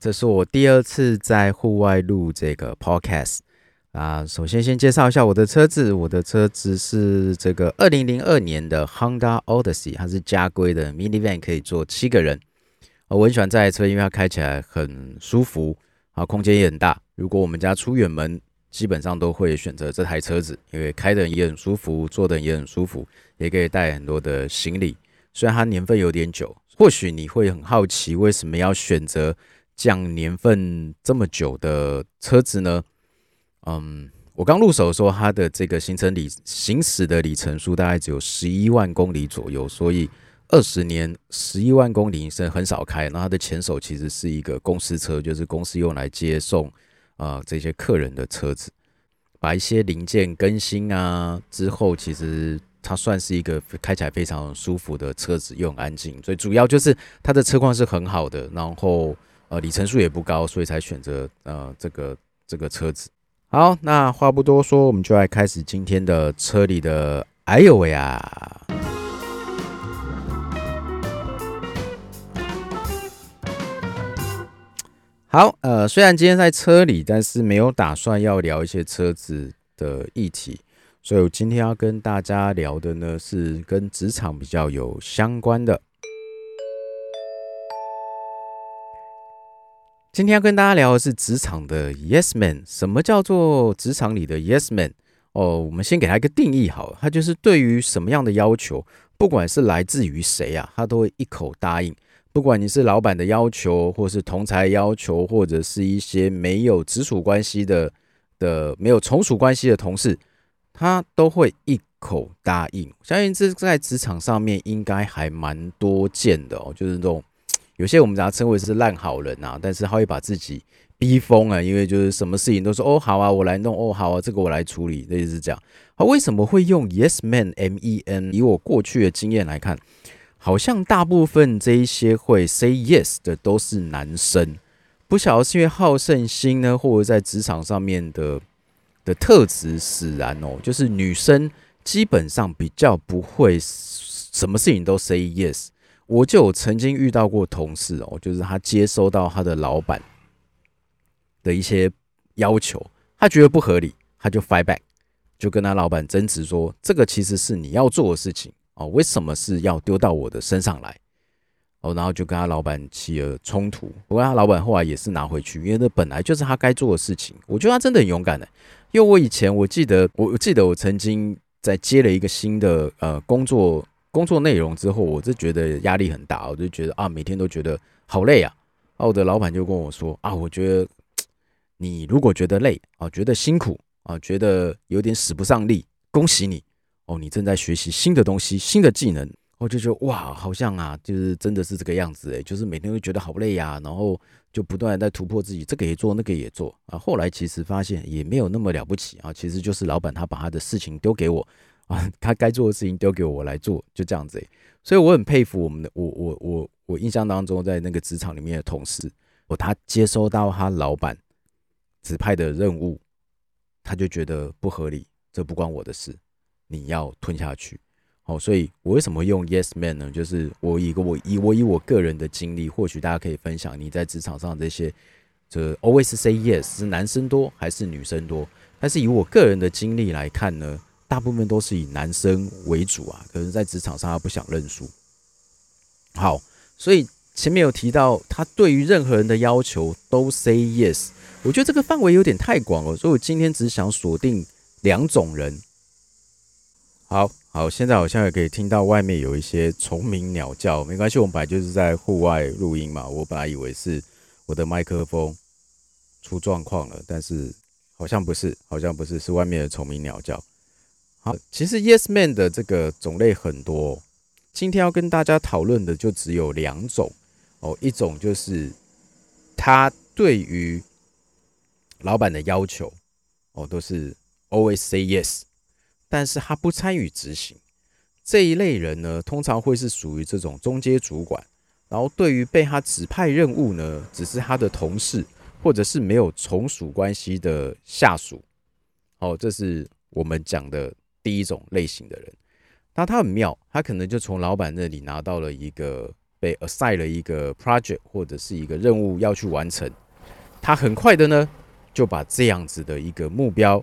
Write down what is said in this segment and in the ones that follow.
這是我第二次在戶外錄這個 podcast 啊。首先，先介紹一下我的車子。我的車子是這個二零零二年的 Honda Odyssey，它是加規的 minivan，可以坐七個人。啊、我很喜歡這台車，因為它開起來很舒服，啊，空間也很大。如果我們家出遠門，基本上都會選擇這台車子，因為開的也很舒服，坐的也很舒服，也可以帶很多的行李。雖然它年份有點久，或許你會很好奇，為什麼要選擇這樣年份這麼久的車子呢？嗯，我剛入手的時候，它的這個行程裡行駛的里程數大概只有十一萬公里左右，所以二十年十一萬公里是很少開。那它的前手其實是一個公司車，就是公司用來接送啊、呃、這些客人的車子。把一些零件更新啊之後，其實它算是一個開起來非常舒服的車子，又很安靜。最主要就是它的車況是很好的，然後。呃，里程數也不高，所以才選擇呃這個這個車子。好，那話不多說，我們就來開始今天的車裡的。艾唷喂呀、啊！好，呃，雖然今天在車裡，但是沒有打算要聊一些車子的議題，所以我今天要跟大家聊的呢是跟職場比較有相關的。今天要跟大家聊的是職場的 Yes Man，什麼叫做職場裡的 Yes Man？哦，我們先給他一個定義，好了，他就是對於什麼樣的要求，不管是來自於誰啊，他都會一口答應。不管你是老闆的要求，或是同儕要求，或者是一些沒有直屬關係的的沒有從屬關係的同事，他都會一口答應。相信這在職場上面應該還蠻多見的哦，就是那種。有些我們把他稱為是爛好人啊，但是他會把自己逼瘋啊，因為就是什麼事情都說哦好啊，我來弄哦好啊，這個我來處理，這就是這樣，好、啊、為什麼會用 yes men M-E-N？以我過去的經驗來看，好像大部分這一些會 say yes 的都是男生，不曉得是因為好勝心呢，或者在職場上面的的特質使然哦，就是女生基本上比較不會什麼事情都 say yes。我就曾經遇到過同事哦，就是他接收到他的老闆的一些要求，他覺得不合理，他就 fight back，就跟他老闆爭執說：“這個其實是你要做的事情哦，為什麼是要丟到我的身上來？”哦，然後就跟他老闆起了衝突。不過他老闆後來也是拿回去，因為那本來就是他該做的事情。我覺得他真的很勇敢的，因為我以前我記得，我記得我曾經在接了一個新的呃工作。工作內容之後，我就覺得壓力很大，我就覺得啊，每天都覺得好累啊。啊我的老板就跟我說啊，我覺得你如果覺得累啊，覺得辛苦啊，覺得有點使不上力，恭喜你哦，你正在學習新的東西、新的技能。我就覺得哇，好像啊，就是真的是這個樣子誒，就是每天都覺得好累呀、啊，然後就不斷在突破自己，這個也做，那個也做啊。後來其實發現也沒有那麼了不起啊，其實就是老板他把他的事情丟給我。啊，他該做的事情丟給我來做，就這樣子。所以我很佩服我們的我我我我印象當中，在那個職場裡面的同事，我、哦、他接收到他老板指派的任務，他就覺得不合理，這不關我的事，你要吞下去。哦，所以我為什麼用 yes man 呢？就是我以我以我以我，以我個人的經歷，或許大家可以分享，你在職場上這些，就是 always say yes，是男生多還是女生多？但是以我個人的經歷來看呢？大部分都是以男生為主啊，可能在職場上他不想認輸。好，所以前面有提到，他對於任何人的要求都 say yes。我覺得這個範圍有點太廣了，所以我今天只想鎖定兩種人。好，好，現在好像也可以聽到外面有一些蟲鳴鳥叫，沒關係，我們本來就是在戶外錄音嘛。我本來以為是我的麥克風出狀況了，但是好像不是，好像不是，是外面的蟲鳴鳥叫。好，其實 Yes Man 的這個種類很多哦，今天要跟大家討論的就只有兩種哦。一種就是他對於老闆的要求哦都是 Always Say Yes，但是他不參與執行。這一類人呢，通常會是屬於這種中階主管，然後對於被他指派任務呢，只是他的同事或者是沒有從屬關係的下屬。哦，這是我們講的。第一種類型的人，那他很妙，他可能就從老闆那裡拿到了一個被 assign 了一個 project 或者是一個任務要去完成，他很快的呢就把這樣子的一個目標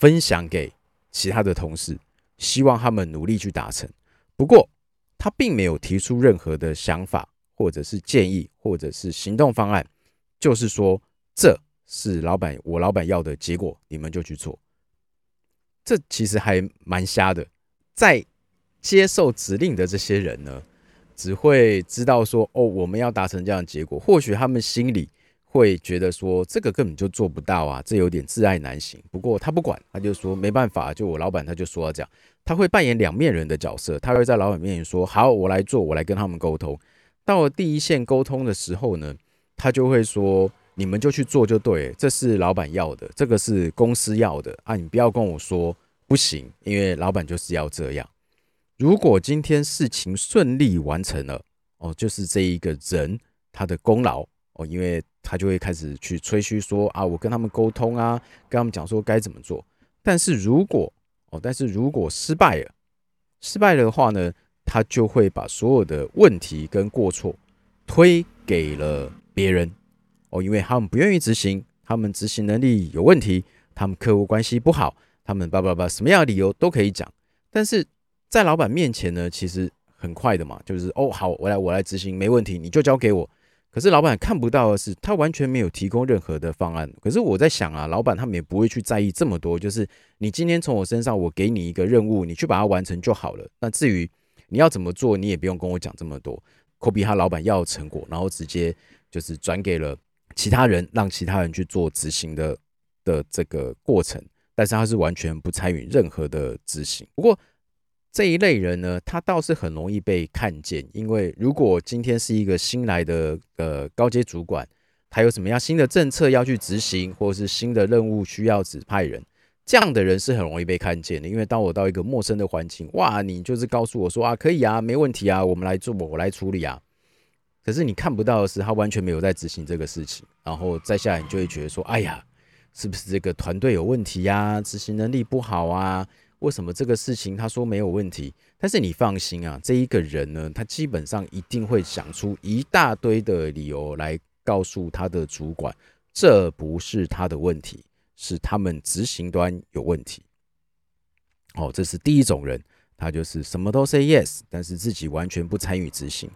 分享給其他的同事，希望他們努力去達成。不過他並沒有提出任何的想法或者是建議或者是行動方案，就是說這是老闆我老闆要的結果，你們就去做。這其實還蠻瞎的，在接受指令的這些人呢，只會知道說哦，我們要達成這樣的結果。或許他們心裡會覺得說，這個根本就做不到啊，這有點窒礙難行。不過他不管，他就說沒辦法，就我老板他就說要這樣，他會扮演兩面人的角色。他會在老板面前說好，我來做，我來跟他們溝通。到了第一線溝通的時候呢，他就會說。你們就去做就對，這是老板要的，這個是公司要的啊！你不要跟我說不行，因為老板就是要這樣。如果今天事情順利完成了，哦，就是這一個人他的功勞哦，因為他就會開始去吹噓說啊，我跟他們溝通啊，跟他們講說該怎麼做。但是如果哦，但是如果失敗了，失敗的話呢，他就會把所有的問題跟過錯推給了別人。哦，因為他們不願意執行，他們執行能力有問題，他們客戶關係不好，他們叭叭叭什麼樣的理由都可以講。但是在老闆面前呢，其實很快的嘛，就是哦好，我來我來執行，沒問題，你就交給我。可是老闆看不到的是，他完全沒有提供任何的方案。可是我在想啊，老闆他們也不會去在意這麼多，就是你今天從我身上，我給你一個任務，你去把它完成就好了。那至於你要怎麼做，你也不用跟我講這麼多。copy 他老闆要成果，然後直接就是轉給了。其他人讓其他人去做執行的的這個過程，但是他是完全不參與任何的執行。不過這一類人呢，他倒是很容易被看見，因為如果今天是一個新來的呃高階主管，他有什麼樣新的政策要去執行，或是新的任務需要指派人，這樣的人是很容易被看見的。因為當我到一個陌生的環境，哇，你就是告訴我說啊，可以啊，沒問題啊，我們來做，我來處理啊。可是你看不到的是，他完全沒有在執行這個事情。然後再下來，你就會覺得說：“哎呀，是不是這個團隊有問題呀？執行能力不好啊？為什麼這個事情他說沒有問題？但是你放心啊，這一個人呢，他基本上一定會想出一大堆的理由來告訴他的主管，這不是他的問題，是他們執行端有問題。”哦，這是第一種人，他就是什麼都 say yes，但是自己完全不參與執行。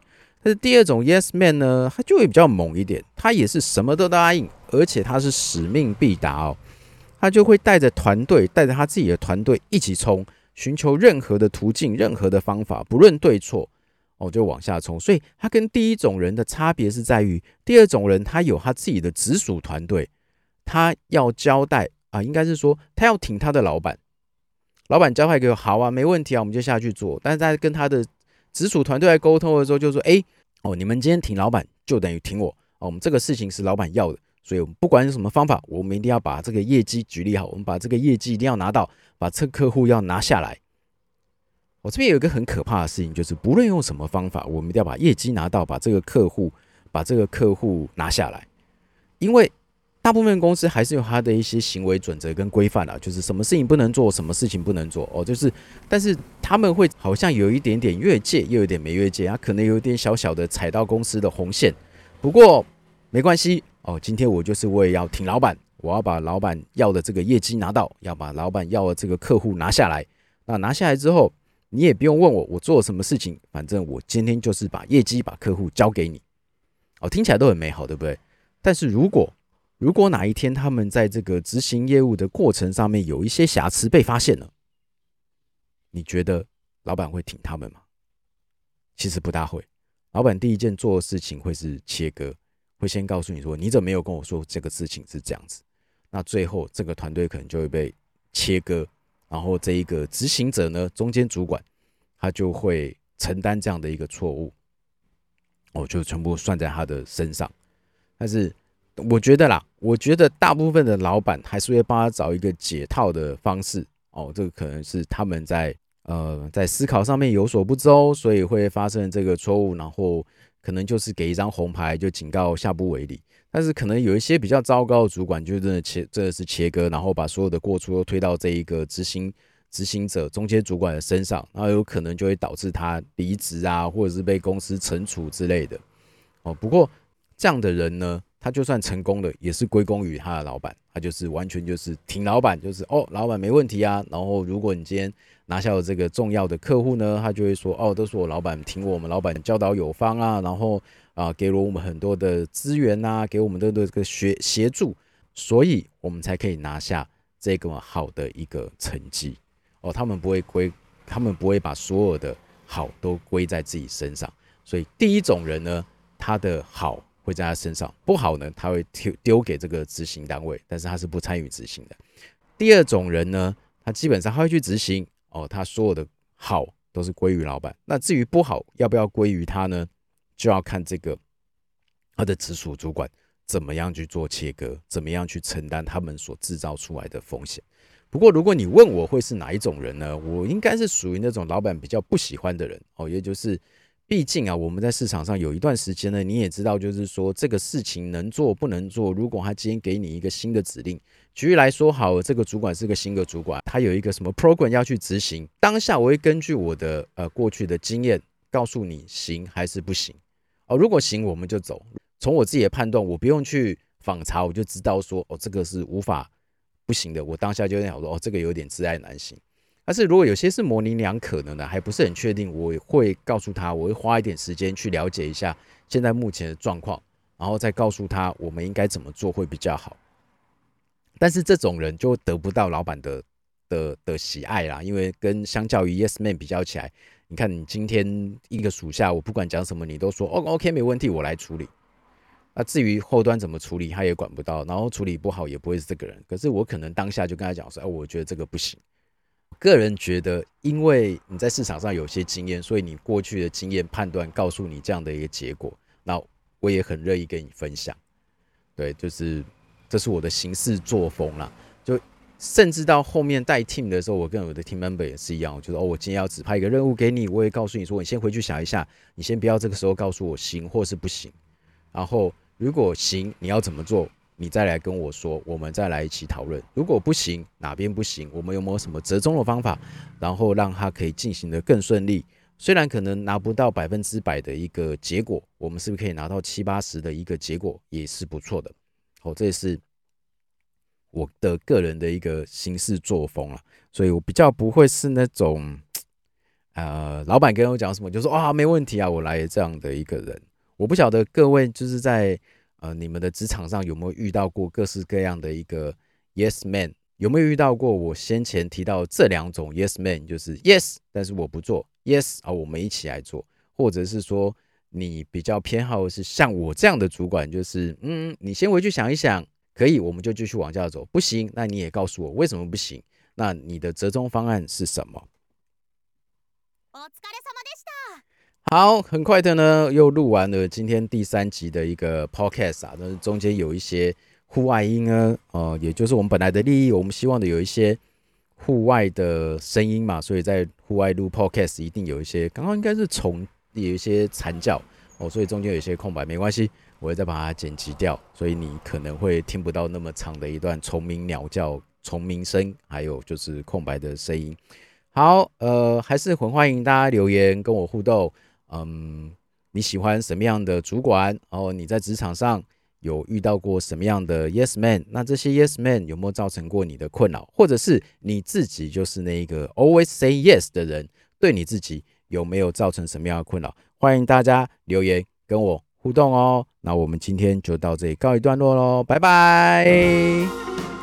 但是第二種 Yes Man 呢，他就會比較猛一點，他也是什麼都答應，而且他是使命必達哦，他就會帶着團隊，帶着他自己的團隊一起衝，尋求任何的途徑、任何的方法，不論對錯哦，就往下衝。所以他跟第一種人的差別是在於，第二種人他有他自己的直屬團隊，他要交代啊，應該是說他要挺他的老板，老板交代給我，我好啊，沒問題啊，我們就下去做。但是他跟他的直屬團隊來溝通的時候就說：“哎、欸，哦，你們今天挺老板，就等於挺我。哦，我們這個事情是老板要的，所以我們不管用什麼方法，我們一定要把這個業績舉例好，我們把這個業績一定要拿到，把這客戶要拿下來。我、哦、這邊有一個很可怕的事情，就是不論用什麼方法，我們一定要把業績拿到，把這個客戶把這個客戶拿下來，因為。”大部分公司還是有他的一些行為準則跟規範啊，就是什麼事情不能做，什麼事情不能做哦。就是，但是他們會好像有一點點越界，又有點沒越界啊，可能有一點小小的踩到公司的紅線。不過沒關係哦，今天我就是我也要聽老板，我要把老板要的這個業績拿到，要把老板要的這個客戶拿下來。那拿下來之後，你也不用問我，我做什麼事情，反正我今天就是把業績、把客戶交給你。哦，聽起來都很美好，對不對？但是如果如果哪一天他們在這個執行業務的過程上面有一些瑕疵被發現了，你覺得老闆會挺他們嗎？其實不大會。老闆第一件做的事情會是切割，會先告訴你說你怎麼沒有跟我說這個事情是這樣子。那最後這個團隊可能就會被切割，然後這一個執行者呢，中間主管他就會承擔這樣的一個錯誤，我就全部算在他的身上。但是。我覺得啦，我覺得大部分的老闆還是會幫他找一個解套的方式哦。這個可能是他們在呃在思考上面有所不周哦，所以會發生這個錯誤，然後可能就是給一張紅牌就警告下不為例。但是可能有一些比較糟糕的主管，就真的切真的是切割，然後把所有的過錯都推到這一個執行執行者、中間主管的身上，那有可能就會導致他離職啊，或者是被公司懲處之類的哦。不過這樣的人呢，他就算成功了，也是歸功於他的老闆。他就是完全就是挺老闆，就是哦，老闆沒問題啊。然後，如果你今天拿下了這個重要的客戶呢，他就會說哦，都是我老闆聽我們老闆教導有方啊，然後啊，給了我們很多的資源啊，給我們的的這個協協助，所以我們才可以拿下這個好的一個成績哦。他們不會歸，他們不會把所有的好都歸在自己身上。所以，第一種人呢，他的好。會在他身上，不好呢，他會丟給這個執行單位，但是他是不參與執行的。第二種人呢，他基本上他會去執行哦，他所有的好都是歸於老闆。那至於不好要不要歸於他呢，就要看這個他的直屬主管怎麼樣去做切割，怎麼樣去承擔他們所製造出來的風險。不過如果你問我會是哪一種人呢，我應該是屬於那種老闆比較不喜歡的人哦，也就是。畢竟啊，我們在市場上有一段時間呢。你也知道，就是說這個事情能做不能做。如果他今天給你一個新的指令，舉例來說，好，這個主管是個新的主管，他有一個什麼 program 要去執行。當下我會根據我的呃過去的經驗，告訴你行還是不行。哦，如果行，我們就走。從我自己的判斷，我不用去訪查，我就知道說，哦，這個是無法不行的。我當下就那樣說，哦，這個有點窒礙難行。但是如果有些是模棱兩可的呢，還不是很確定，我會告訴他，我會花一點時間去了解一下現在目前的狀況，然後再告訴他我們應該怎麼做會比較好。但是這種人就得不到老闆的的的喜愛啦，因為跟相較於 Yes Man 比較起來，你看你今天一個屬下，我不管講什麼你都說哦，OK 沒問題，我來處理。那、啊、至於後端怎麼處理，他也管不到，然後處理不好也不會是這個人。可是我可能當下就跟他講說，哎、哦，我覺得這個不行。個人覺得，因為你在市場上有些經驗，所以你過去的經驗判斷告訴你這樣的一個結果。那我也很樂意跟你分享。對，就是這是我的行事作風啦，就甚至到後面帶 team 的時候，我跟我的 team member 也是一樣，就是哦，我今天要指派一個任務給你，我也告訴你說，你先回去想一下，你先不要這個時候告訴我行或是不行。然後如果行，你要怎麼做？你再來跟我說，我們再來一起討論。如果不行，哪邊不行？我們有沒有什麼折中的方法，然後讓他可以進行得更順利？雖然可能拿不到百分之百的一個結果，我們是不是可以拿到七八十的一個結果，也是不錯的？哦，這也是我的個人的一個行事作風啊。所以我比較不會是那種，呃，老闆跟我講什麼，就說、是、啊、哦，沒問題啊，我來這樣的一個人。我不曉得各位就是在。呃，你們的職場上有沒有遇到過各式各樣的一個 yes man？有沒有遇到過我先前提到這兩種 yes man？就是 yes，但是我不做；yes，啊、哦，我們一起來做；或者是說，你比較偏好的是像我這樣的主管，就是嗯，你先回去想一想，可以我們就繼續往下走；不行，那你也告訴我為什麼不行，那你的折中方案是什麼？好，很快的呢，又錄完了今天第三集的一個 podcast 啊，但是中間有一些戶外音呢，哦、呃，也就是我們本來的利益，我們希望的有一些戶外的聲音嘛，所以在戶外錄 podcast 一定有一些，剛剛應該是蟲，有一些蟬叫哦，所以中間有一些空白，沒關係，我會再把它剪輯掉，所以你可能會聽不到那麼長的一段蟲鳴鳥叫、蟲鳴聲，還有就是空白的聲音。好，呃，還是很歡迎大家留言跟我互動。嗯，你喜歡什麼樣的主管？然後，哦，你在職場上有遇到過什麼樣的 Yes Man？那這些 Yes Man 有沒有造成過你的困擾？或者是你自己就是那一個 Always Say Yes 的人，對你自己有沒有造成什麼樣的困擾？歡迎大家留言跟我互動哦。那我們今天就到這裡告一段落嘍，拜拜。